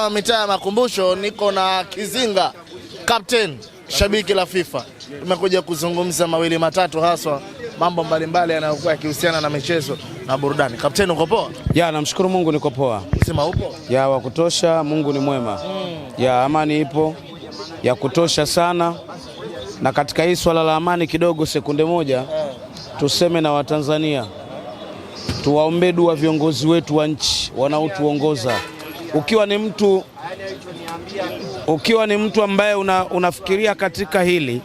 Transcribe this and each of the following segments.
hapa mitaa ya Makumbusho niko na Kizinga, captain shabiki la FIFA. Tumekuja kuzungumza mawili matatu, haswa mambo mbalimbali yanayokuwa yakihusiana na michezo na burudani. Captain, uko poa? Ya, namshukuru Mungu niko poa. Sema upo? Ya, wa kutosha. Mungu ni mwema. Mm. Ya, amani ipo ya kutosha sana, na katika hii swala la amani, kidogo sekunde moja eh. tuseme na Watanzania tuwaombe dua viongozi wetu wa nchi wanaotuongoza ukiwa ni mtu, ukiwa ni mtu ambaye una, unafikiria katika hili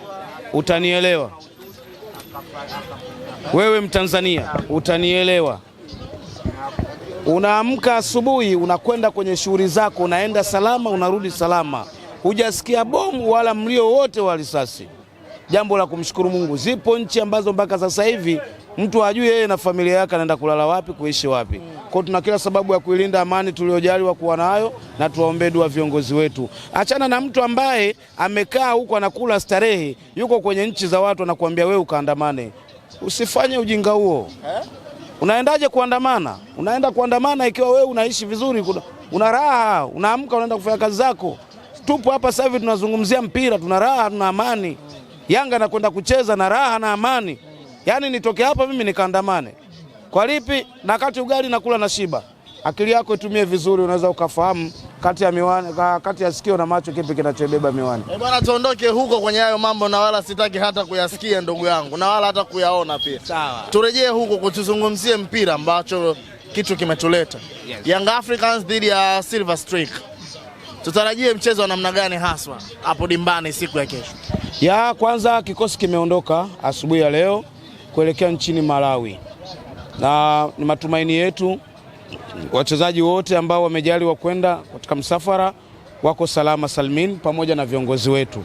utanielewa. Wewe Mtanzania utanielewa. Unaamka asubuhi, unakwenda kwenye shughuli zako, unaenda salama, unarudi salama, hujasikia bomu wala mlio wote wa risasi. Jambo la kumshukuru Mungu. Zipo nchi ambazo mpaka sasa hivi mtu ajue yeye na familia yake anaenda kulala wapi, kuishi wapi. Kwa tuna kila sababu ya kuilinda amani tuliyojaliwa kuwa nayo, na tuwaombee dua viongozi wetu. Achana na mtu ambaye amekaa huko anakula starehe, yuko kwenye nchi za watu, anakuambia wewe ukaandamane. Usifanye ujinga huo Unaendaje kuandamana? Unaenda kuandamana ikiwa wewe unaishi vizuri, una raha, unaamka, unaenda kufanya kazi zako. Tupo hapa sasa hivi tunazungumzia mpira, tuna raha, tuna amani. Yanga anakwenda kucheza na raha na amani yaani nitoke hapa mimi nikaandamane kwa lipi? Na kati ugali nakula na shiba. Akili yako itumie vizuri, unaweza ukafahamu kati ya miwani, kati ya sikio na macho kipi kinachobeba miwani. Eh bwana, tuondoke huko kwenye hayo mambo, na wala sitaki hata kuyasikia ndugu yangu, na wala hata kuyaona pia. Sawa, turejee huko kutuzungumzie mpira ambacho kitu kimetuleta yes. Young Africans dhidi ya Silver Streak. tutarajie mchezo wa namna gani haswa hapo dimbani siku ya kesho? Ya kwanza, kikosi kimeondoka asubuhi ya leo kuelekea nchini Malawi, na ni matumaini yetu wachezaji wote ambao wamejaliwa kwenda katika msafara wako salama salmin, pamoja na viongozi wetu.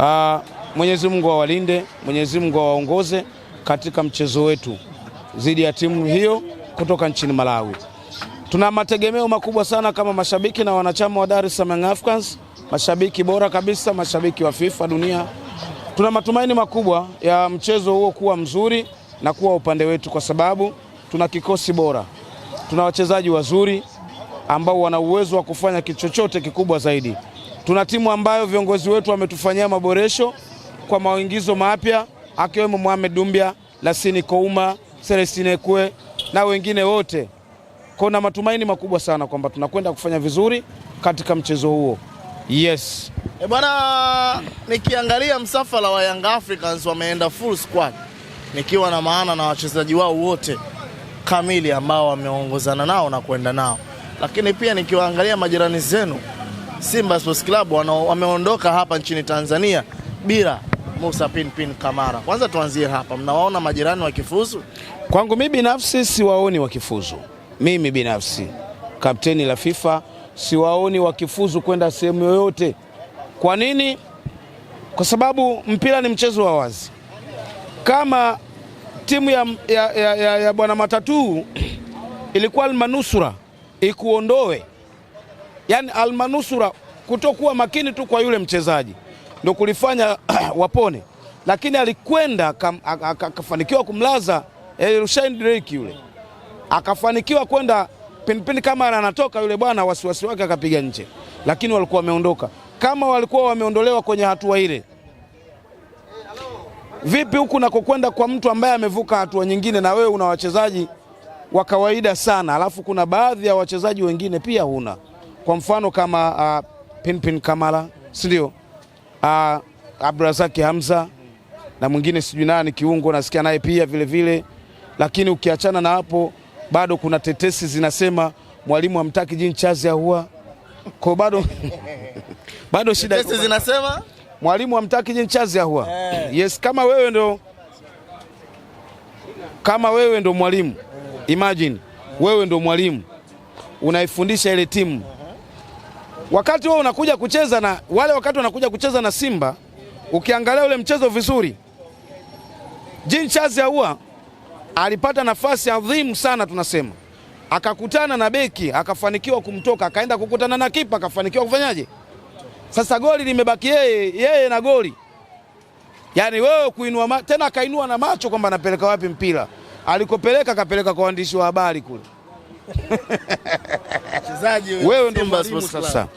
Ah, Mwenyezi Mungu awalinde, Mwenyezi Mungu awaongoze katika mchezo wetu dhidi ya timu hiyo kutoka nchini Malawi. Tuna mategemeo makubwa sana kama mashabiki na wanachama wa Dar es Salaam Africans, mashabiki bora kabisa, mashabiki wa FIFA dunia Tuna matumaini makubwa ya mchezo huo kuwa mzuri na kuwa upande wetu, kwa sababu tuna kikosi bora, tuna wachezaji wazuri ambao wana uwezo wa kufanya kitu chochote kikubwa zaidi. Tuna timu ambayo viongozi wetu wametufanyia maboresho kwa maingizo mapya akiwemo Mohamed Dumbia, Lasini Kouma, Celestine Kwe na wengine wote. Kuna matumaini makubwa sana kwamba tunakwenda kufanya vizuri katika mchezo huo. Yes. E bwana, nikiangalia msafara wa Young Africans wameenda full squad, nikiwa na maana na wachezaji wao wote kamili ambao wameongozana nao na kwenda nao, lakini pia nikiwaangalia majirani zenu Simba Sports Club wameondoka hapa nchini Tanzania bila Musa Pinpin Kamara. Kwanza tuanzie hapa, mnawaona majirani wakifuzu? Kwangu mimi binafsi siwaoni wakifuzu, mimi binafsi kapteni la FIFA siwaoni wakifuzu kwenda sehemu yoyote. Kwa nini? Kwa sababu mpira ni mchezo wa wazi. Kama timu ya, ya, ya, ya, ya bwana Matatu ilikuwa Almanusura ikuondoe, yaani Almanusura kutokuwa makini tu kwa yule mchezaji ndio kulifanya wapone, lakini alikwenda akafanikiwa kumlaza Rushain Drake yule, akafanikiwa kwenda penipeni kama anatoka yule bwana, wasiwasi wake akapiga nje, lakini walikuwa wameondoka. Kama walikuwa wameondolewa kwenye hatua ile, vipi huku nakokwenda kwa mtu ambaye amevuka hatua nyingine, na wewe una wachezaji wa kawaida sana, alafu kuna baadhi ya wachezaji wengine pia huna, kwa mfano kama uh, ah, Pinpin Kamala, si ndio? Uh, ah, Abdurazaki Hamza na mwingine sijui nani kiungo, nasikia naye pia vilevile vile. Lakini ukiachana na hapo bado kuna tetesi zinasema mwalimu hamtaki jini chazi ya huwa kwa bado bado shida tetesi zinasema mwalimu hamtaki jini chazi ya huwa eh. Yes, kama wewe ndo kama wewe ndo mwalimu imagine wewe ndo mwalimu unaifundisha ile timu wakati wewe unakuja kucheza na wale, wakati wanakuja kucheza na Simba, ukiangalia ule mchezo vizuri, Jean Charles Ahoua alipata nafasi adhimu sana, tunasema akakutana na beki akafanikiwa kumtoka, akaenda kukutana na kipa akafanikiwa kufanyaje? Sasa goli limebaki yeye yeye na goli, yani wewe kuinua tena, akainua na macho kwamba anapeleka wapi mpira, alikopeleka akapeleka kwa waandishi wa habari kule. wewe ndio mwalimu sasa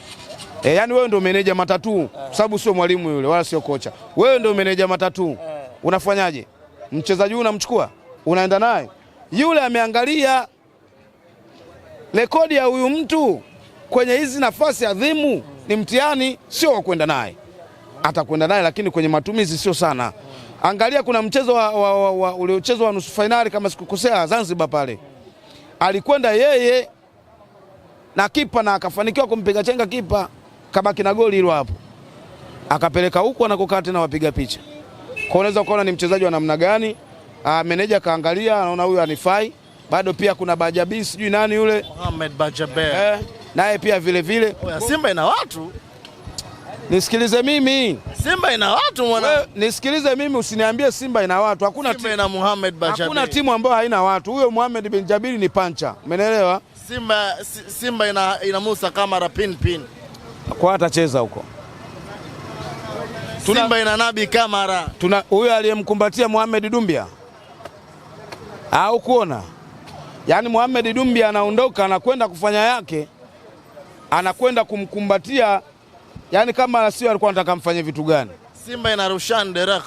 e, eh, yani wewe ndio meneja matatu, sababu sio mwalimu yule wala sio kocha, wewe ndio meneja matatu, eh. unafanyaje? Mchezaji huyu unamchukua unaenda naye yule ameangalia rekodi ya huyu mtu kwenye hizi nafasi adhimu, ni mtihani, sio wa kwenda naye. Atakwenda naye lakini kwenye matumizi sio sana. Angalia, kuna mchezo uliochezwa wa nusu fainali kama sikukosea, Zanzibar pale alikwenda yeye na kipa na akafanikiwa kumpiga chenga kipa, kabaki na goli hilo hapo, akapeleka huku anakokaa tena wapiga picha. Kwa unaweza ukaona ni mchezaji wa namna gani. Uh, meneja kaangalia anaona huyu anifai bado. Pia kuna Bajabi sijui nani yule Mohamed Bajabe eh, naye pia vile vile. Oya, Simba ina watu nisikilize mimi Simba ina watu mwana. We, nisikilize mimi usiniambie Simba ina watu. Hakuna Simba ina Mohamed Bajabiri. Hakuna timu ambayo haina watu. Huyo Mohamed bin Jabiri ni pancha, umeelewa? Simba, Simba ina, ina Musa Kamara pin pin. Kwa atacheza huko Tuna, Simba ina Nabi Kamara. Tuna huyo aliyemkumbatia Mohamed Dumbia au kuona, yaani Mohamed Dumbi anaondoka anakwenda kufanya yake, anakwenda kumkumbatia, yaani kama sio alikuwa anataka mfanye vitu gani. Simba ina Rushan derek,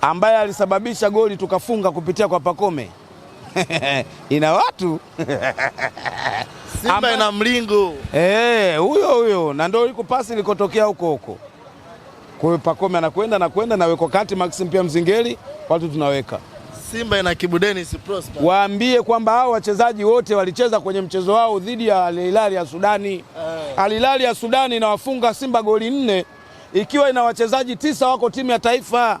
ambaye alisababisha goli tukafunga kupitia kwa Pakome ina watu Simba Amba... ina mlingo eh, huyo hey, huyo na ndio liko pasi ilikotokea huko huko. Kwa hiyo Pakome anakwenda nakwenda nawekwa kati, Maxim pia Mzingeli, watu tunaweka Simba ina Kibu Dennis Prosper. Waambie kwamba hao wachezaji wote walicheza kwenye mchezo wao dhidi ya Al Hilal ya Sudani. Eh. Al Hilal ya Sudani inawafunga Simba goli nne ikiwa ina wachezaji tisa wako timu ya taifa.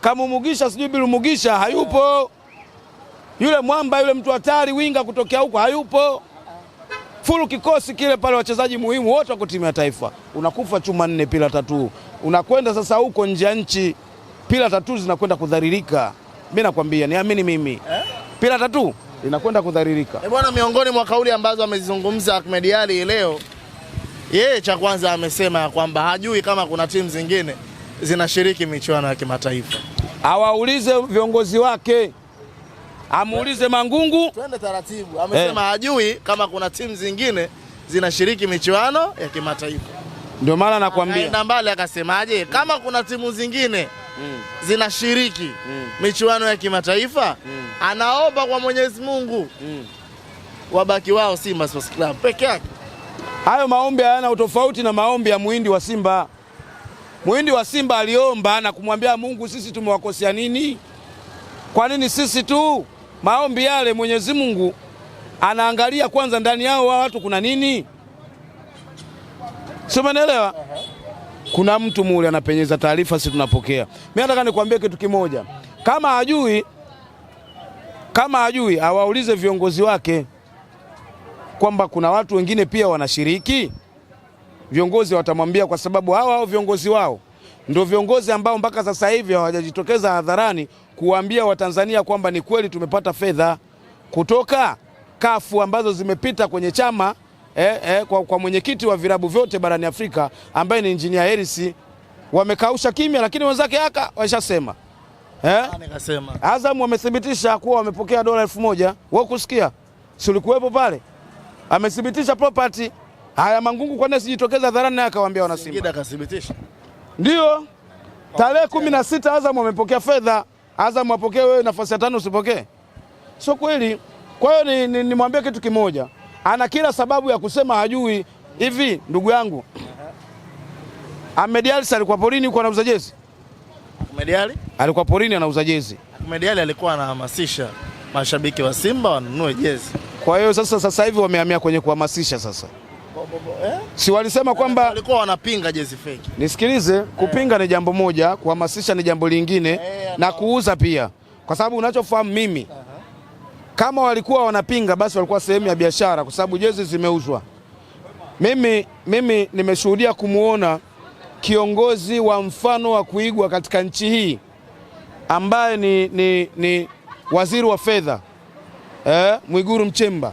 Kamumugisha sijui bilu Mugisha hayupo. Yule mwamba yule mtu hatari winga kutokea huko hayupo. Fulu kikosi kile pale, wachezaji muhimu wote wako timu ya taifa. Unakufa chuma nne pila tatu. Unakwenda sasa huko nje ya nchi, pila tatu zinakwenda kudhalilika mi nakwambia, niamini mimi pila tatu inakwenda kudharirika. E bwana, miongoni mwa kauli ambazo amezizungumza Ahmed Ally leo, yeye cha kwanza amesema ya kwamba hajui kama kuna timu zingine zinashiriki michuano ya kimataifa. Awaulize viongozi wake, amuulize Mangungu. Twende taratibu, amesema eh, hajui kama kuna timu zingine zinashiriki michuano ya kimataifa. Ndio maana nakwambia, na mbali akasemaje, kama kuna timu zingine mm. zinashiriki mm. michuano ya kimataifa mm. anaomba kwa Mwenyezi Mungu mm. wabaki wao Simba Sports Club peke yake. Hayo maombi hayana utofauti na maombi ya muhindi wa Simba. Muhindi wa Simba aliomba na kumwambia Mungu, sisi tumewakosea nini? Kwa nini sisi tu? Maombi yale Mwenyezi Mungu anaangalia kwanza ndani yao wa watu kuna nini, si kuna mtu mule anapenyeza taarifa, si tunapokea. Mimi nataka nikwambie kitu kimoja, kama hajui kama hajui awaulize viongozi wake kwamba kuna watu wengine pia wanashiriki. Viongozi watamwambia, kwa sababu hawa hao viongozi wao ndio viongozi ambao mpaka sasa hivi hawajajitokeza hadharani kuambia Watanzania kwamba ni kweli tumepata fedha kutoka kafu ambazo zimepita kwenye chama eh, eh, kwa, kwa mwenyekiti wa vilabu vyote barani Afrika ambaye ni engineer Heris wamekausha kimya, lakini wenzake aka waishasema eh? Azam wamethibitisha kuwa wamepokea dola elfu moja wao kusikia, si ulikuwepo pale? Amethibitisha property haya Mangungu, kwa nini sijitokeza hadharani? Naye akawaambia wana Simba akathibitisha, ndio tarehe kumi na sita Azam wamepokea fedha. Azam wapokee, wewe nafasi ya tano usipokee, sio kweli? Kwa hiyo nimwambie ni, ni kitu kimoja ana kila sababu ya kusema hajui. Hivi ndugu yangu Ahmed Ally alikuwa porini huko anauza jezi. Ahmed Ally alikuwa porini anauza jezi. Ahmed Ally alikuwa anahamasisha mashabiki wa Simba wanunue jezi. Kwa hiyo sasa, sasa hivi wamehamia kwenye kuhamasisha sasa eh? Si walisema kwamba walikuwa wanapinga jezi fake. Nisikilize, kupinga eh, ni jambo moja, kuhamasisha ni jambo lingine eh, na kuuza pia, kwa sababu unachofahamu mimi eh. Kama walikuwa wanapinga, basi walikuwa sehemu ya biashara, kwa sababu jezi zimeuzwa. Mimi, mimi nimeshuhudia kumwona kiongozi wa mfano wa kuigwa katika nchi hii ambaye ni, ni, ni waziri wa fedha eh, Mwiguru Mchemba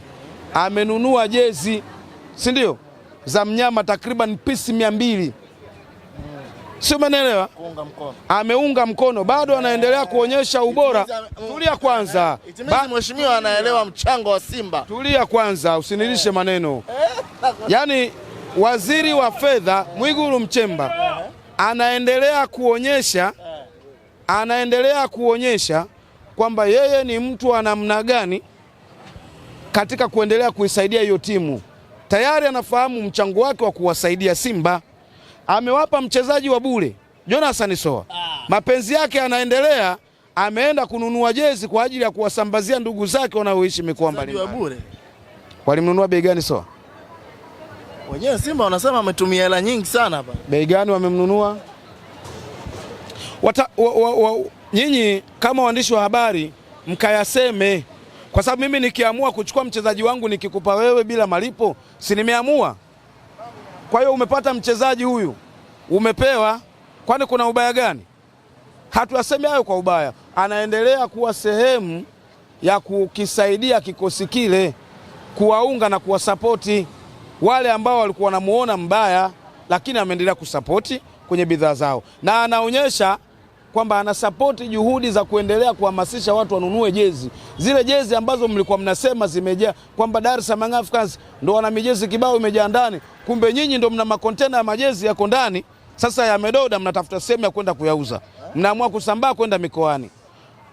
amenunua jezi, si ndio, za mnyama takriban pisi mia mbili si umeelewa? Ameunga mkono, bado anaendelea kuonyesha ubora. Uh, Tulia kwanza, mheshimiwa anaelewa mchango wa Simba. Tulia kwanza, usinilishe eh. maneno. Eh, yaani waziri wa fedha Mwigulu Mchemba eh. anaendelea kuonyesha, anaendelea kuonyesha kwamba yeye ni mtu wa namna gani katika kuendelea kuisaidia hiyo timu. Tayari anafahamu mchango wake wa kuwasaidia Simba amewapa mchezaji wa bure Jonathan Soa, ah. mapenzi yake yanaendelea, ameenda kununua jezi kwa ajili ya kuwasambazia ndugu zake wanaoishi mikoa mbalimbali. Walimnunua bei gani Soa? Wenyewe Simba wanasema ametumia hela nyingi sana hapa. Bei gani wamemnunua? Wata, wa, wa, wa, nyinyi kama waandishi wa habari mkayaseme, kwa sababu mimi nikiamua kuchukua mchezaji wangu nikikupa wewe bila malipo, si nimeamua kwa hiyo umepata mchezaji huyu umepewa, kwani kuna ubaya gani? Hatuyasemi hayo kwa ubaya, anaendelea kuwa sehemu ya kukisaidia kikosi kile, kuwaunga na kuwasapoti wale ambao walikuwa wanamuona mbaya, lakini ameendelea kusapoti kwenye bidhaa zao na anaonyesha kwamba anasapoti juhudi za kuendelea kuhamasisha watu wanunue jezi zile jezi ambazo mlikuwa mnasema zimejaa kwamba Dar es Salaam Africans ndo wana mijezi kibao imejaa ndani, kumbe nyinyi ndo mna makontena ya majezi yako ndani, sasa yamedoda, mnatafuta sehemu ya kwenda kuyauza, mnaamua kusambaa kwenda mikoani.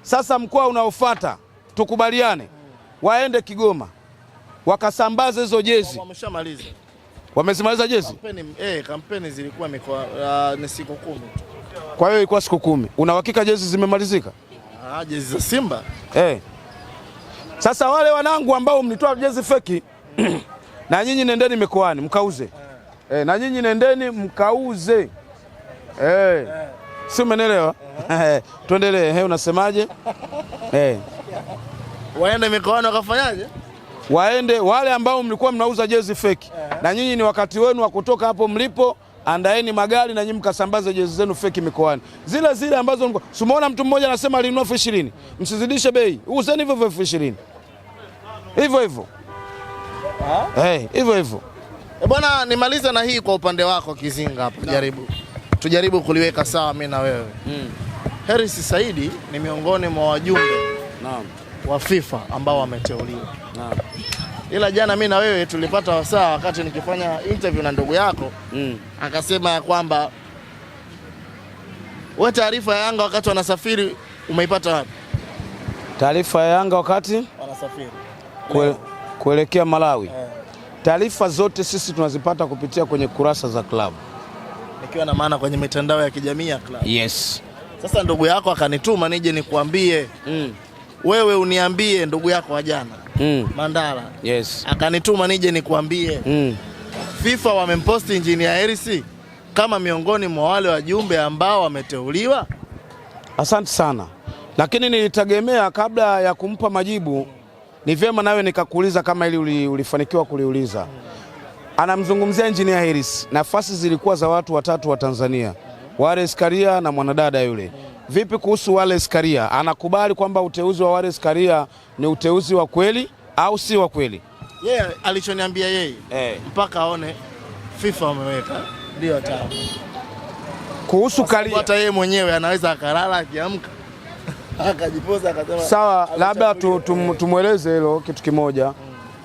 Sasa mkoa unaofuata tukubaliane, waende Kigoma wakasambaze hizo jezi. Wameshamaliza, wamezimaliza jezi. Kampeni, eh, kampeni zilikuwa mikoa, uh, ni siku kumi kwa hiyo ilikuwa siku kumi. Una uhakika jezi zimemalizika? Ah, jezi za Simba eh. Sasa wale wanangu ambao mlitoa jezi feki na nyinyi nendeni mikoani mkauze eh. eh, na nyinyi nendeni mkauze eh. si umenelewa? Uh-huh. Eh, tuendelee. He, eh, unasemaje? Eh. waende mikoani wakafanyaje? Waende wale ambao mlikuwa mnauza jezi feki na nyinyi ni wakati wenu wa kutoka hapo mlipo andaeni magari na nyinyi mkasambaze jezi zenu feki mikoani, zile zile ambazo simuona mtu mmoja anasema alinunua elfu ishirini. Msizidishe bei, uzeni hivyo hivyo elfu ishirini hivyo hivyo hivyo hivyo. E bwana, nimalize na hii kwa upande wako Kizinga hapo, jaribu tujaribu kuliweka sawa mimi na wewe mm. Harris Saidi ni miongoni mwa wajumbe naam wa FIFA ambao wameteuliwa naam ila jana mi na wewe tulipata wasaa wakati nikifanya interview na ndugu yako mm. akasema ya kwamba wewe taarifa ya Yanga wakati wanasafiri umeipata wapi? Taarifa ya Yanga wakati wanasafiri Kwe, kuelekea Malawi yeah. Taarifa zote sisi tunazipata kupitia kwenye kurasa za klabu, nikiwa na maana kwenye mitandao ya kijamii ya klabu. Yes. Sasa ndugu yako akanituma nije nikuambie mm. Wewe uniambie ndugu yako wa jana mm. Mandala yes. Akanituma nije nikuambie mm. FIFA wamemposti Injinia Hersi kama miongoni mwa wale wajumbe ambao wameteuliwa. Asante sana, lakini nilitegemea kabla ya kumpa majibu ni vyema nawe nikakuuliza kama ili ulifanikiwa kuliuliza. Anamzungumzia Injinia Hersi, nafasi zilikuwa za watu watatu wa Tanzania, Wallace Karia na mwanadada yule Vipi kuhusu Wallace Karia, anakubali kwamba uteuzi wa Wallace Karia ni uteuzi wa kweli au si wa kweli? Yeye yeah, alichoniambia yeye hey, eh. mpaka aone FIFA wameweka ndio ata kuhusu Karia, hata yeye mwenyewe anaweza akalala akiamka akajipoza akasema sawa. Ah, labda eh. tumweleze hilo kitu kimoja hmm.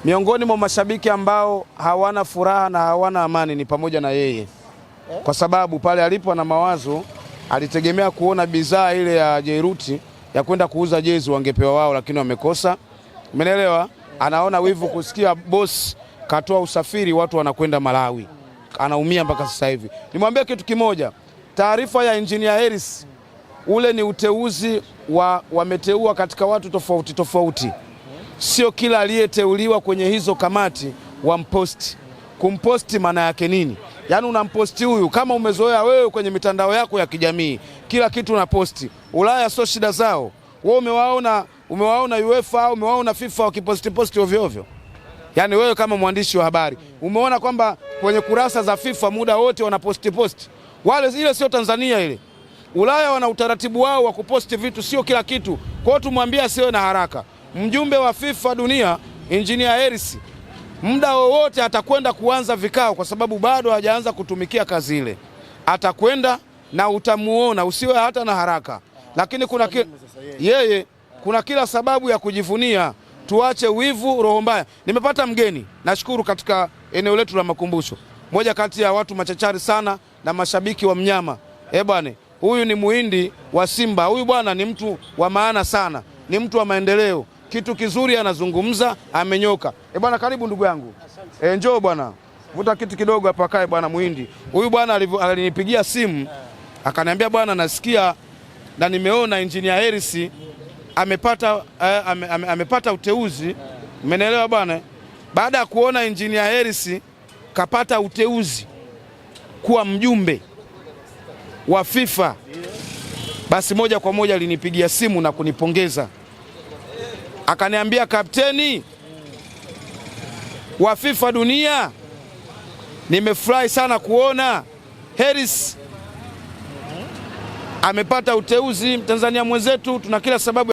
Miongoni mwa mashabiki ambao hawana furaha na hawana amani ni pamoja na yeye eh, kwa sababu pale alipo na mawazo alitegemea kuona bidhaa ile ya Jeruti ya kwenda kuuza jezi wangepewa wao, lakini wamekosa. Umeelewa? Anaona wivu kusikia boss katoa usafiri, watu wanakwenda Malawi, anaumia mpaka sasa hivi. Nimwambie kitu kimoja, taarifa ya Engineer Harris ule ni uteuzi wa wameteua katika watu tofauti tofauti, sio kila aliyeteuliwa kwenye hizo kamati wamposti. Kumposti maana yake nini? Yaani unamposti huyu kama umezoea wewe kwenye mitandao yako ya kijamii, kila kitu unaposti. Ulaya sio shida zao. Wewe umewaona umewaona UEFA au umewaona FIFA wakiposti posti ovyo ovyo? Yaani wewe kama mwandishi wa habari umeona kwamba kwenye kurasa za FIFA muda wote wanaposti posti wale, ile sio Tanzania ile. Ulaya wana utaratibu wao wa kuposti vitu, sio kila kitu. Kwa hiyo tumwambie asiwe na haraka. Mjumbe wa FIFA dunia Engineer Hersi muda wowote atakwenda kuanza vikao, kwa sababu bado hajaanza kutumikia kazi ile. Atakwenda na utamuona, usiwe hata na haraka. Lakini kuna ki... yeye kuna kila sababu ya kujivunia. Tuache wivu, roho mbaya. Nimepata mgeni, nashukuru katika eneo letu la makumbusho, moja kati ya watu machachari sana na mashabiki wa mnyama eh, bwana huyu ni muhindi wa Simba. Huyu bwana ni mtu wa maana sana, ni mtu wa maendeleo, kitu kizuri anazungumza, amenyoka. E bwana karibu ndugu yangu. E, njoo bwana. Vuta kitu kidogo hapa kae bwana Muhindi. Huyu bwana alinipigia simu eh. akaniambia bwana, nasikia na nimeona engineer Harris amepata eh, ame, ame, amepata uteuzi. Umenielewa bwana? Baada ya kuona engineer Harris kapata uteuzi kuwa mjumbe wa FIFA, basi moja kwa moja alinipigia simu na kunipongeza akaniambia, kapteni wa FIFA dunia. Nimefurahi sana kuona Harris amepata uteuzi, Mtanzania mwenzetu, tuna kila sababu